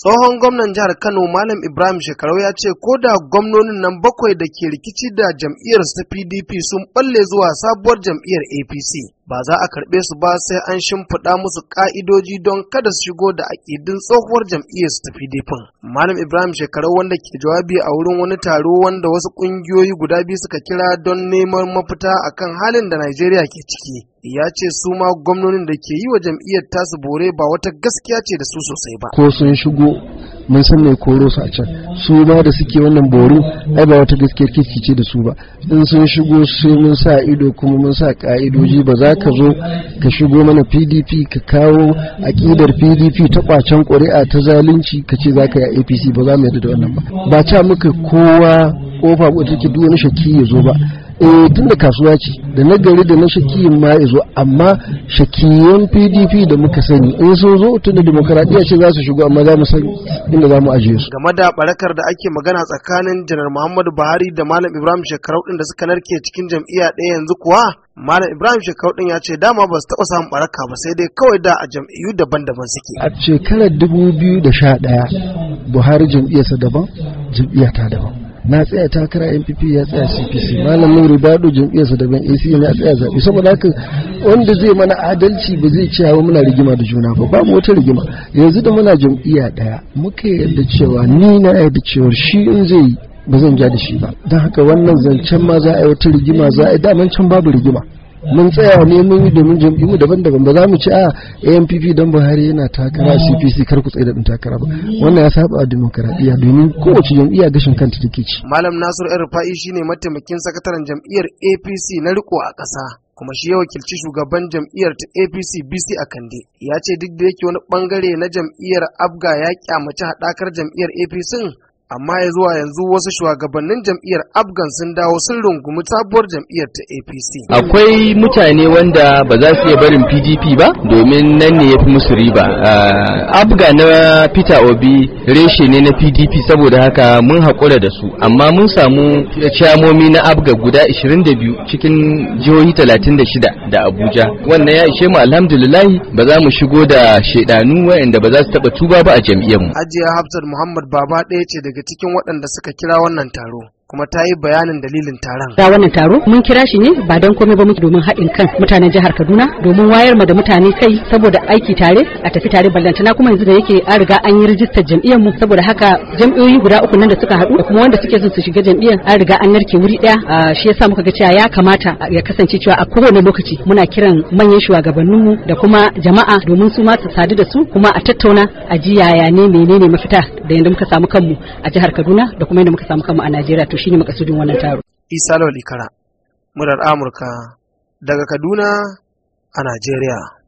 tsohon gwamnan jihar kano malam ibrahim shekarau ya ce ko da gwamnonin nan bakwai da ke rikici da jam'iyyar ta pdp sun balle zuwa sabuwar jam'iyyar apc ba za a karɓe su ba sai an shimfiɗa musu ƙa'idoji don kada su shigo da aƙidin tsohuwar jam'iyyar su tafi PDP. Malam Ibrahim shekaru wanda ke jawabi a wurin wani taro wanda wasu ƙungiyoyi guda biyu suka kira don neman mafita akan halin da Najeriya ke ciki. ya ce su ma gwamnonin da ke yi wa jam'iyyar tasu bore ba wata gaskiya ce da su sosai ba. Ko sun shigo mun san mai koro su a can su ma da suke wannan boro ai ba wata gaskiyar kirki ce da su ba in sun shigo sai mun sa ido kuma mun sa ka'idoji ba za ka zo ka shigo mana pdp ka kawo aƙidar pdp ta kwacen ƙuri'a ta zalunci ka ce za ka yi apc ba za mu yadda da wannan ba ba ca muka kowa kofa ko take duk wani shakki ya zo ba eh tun da kasuwa ce da na gari da na shakiyin ma ya zo amma shakiyan pdp da muka sani in sun zo tun da demokaradiyya ce za su shigo amma za mu san inda za mu ajiye su game da barakar da ake magana tsakanin janar muhammadu buhari da malam ibrahim shekarau din da suka narke cikin jam'iyya ɗaya yanzu kuwa malam ibrahim shekarau din ya ce dama ba su taɓa samun baraka ba sai dai kawai da a jam'iyyu daban-daban suke a shekarar dubu biyu da sha ɗaya, buhari jam'iyyarsa daban jam'iyyata daban na tsaya takara npp ya tsaya cpc malamin ribado sa daban ac na ya tsaya zaɓe saboda haka wanda zai mana adalci ba zai cewa muna rigima da juna ba mu wata rigima yanzu da muna jam'iyya daya muka yarda cewa ni na yarda cewa shi in zai yi ba zan ja da shi ba don haka wannan zancen ma za a yi wata rigima za a yi daman can babu rigima mun tsaya ne mun yi domin jam'iyyu daban-daban ba za mu ci ah, a ampp don Buhari yana takara CPC kar ku tsaye da takara ba wannan ya saba demokaradiyya domin kowace jam'iyya gashin kanta take ci Malam Nasiru shi ne mataimakin sakataren jam'iyyar APC na riko a ƙasa kuma shi ya wakilci shugaban jam'iyyar ta apc bc a kande ya ce duk da yake wani bangare na jam'iyyar abga ya kyamaci haɗakar jam'iyyar apc amma ya zuwa yanzu wasu shugabannin jam'iyyar afghan sun dawo sun rungumi sabuwar jam'iyyar ta apc akwai mutane wanda ba za su iya barin pdp ba domin nan ne ya fi musu riba afghan na peter obi reshe ne na pdp saboda haka mun haƙura da su amma mun samu ciyamomi na afghan guda 22 cikin jihohi 36 da abuja wannan ya ishe mu alhamdulillahi ba za mu shigo da shaidanu waɗanda ba za su taɓa tuba ba a jam'iyyar mu hajiya hafsat muhammad baba ɗaya ce daga daga cikin waɗanda suka kira wannan taro kuma ta yi bayanin dalilin taron. Da wannan taro mun kira shi ne ba don komai ba muke domin haɗin kan mutanen jihar Kaduna domin wayar ma da mutane kai saboda aiki tare a tafi tare ballantana kuma yanzu da yake an riga an yi rijistar jam'iyyar mu saboda haka jam'iyyoyi guda uku nan da suka haɗu da kuma wanda suke son su shiga jam'iyyar an riga an narke wuri ɗaya shi yasa muka ga cewa ya kamata ya kasance cewa a kowane lokaci muna kiran manyan mu da kuma jama'a domin su ma su sadu da su kuma a tattauna a ji yaya ne menene mafita da yadda muka samu kanmu a jihar Kaduna da kuma yanda muka samu kanmu a Najeriya to shine makasudin wannan taro isa lawal ikara murar amurka daga kaduna a najeriya